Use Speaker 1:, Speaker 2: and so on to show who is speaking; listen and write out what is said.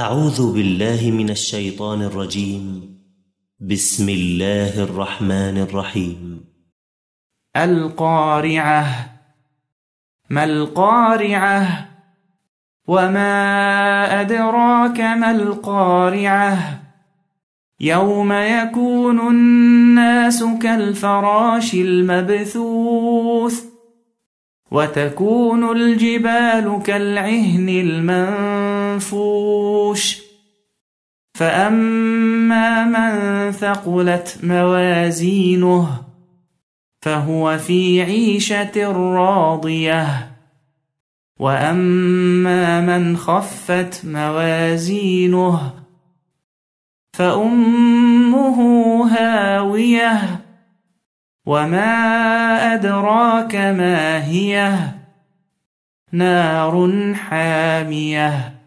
Speaker 1: أعوذ بالله من الشيطان الرجيم بسم الله الرحمن الرحيم القارعة
Speaker 2: ما القارعة وما أدراك ما القارعة يوم يكون الناس كالفراش المبثوث وتكون الجبال كالعهن المنفوث الوحوش فأما من ثقلت موازينه فهو في عيشة راضية وأما من خفت موازينه فأمه هاوية وما أدراك ما هي نار حامية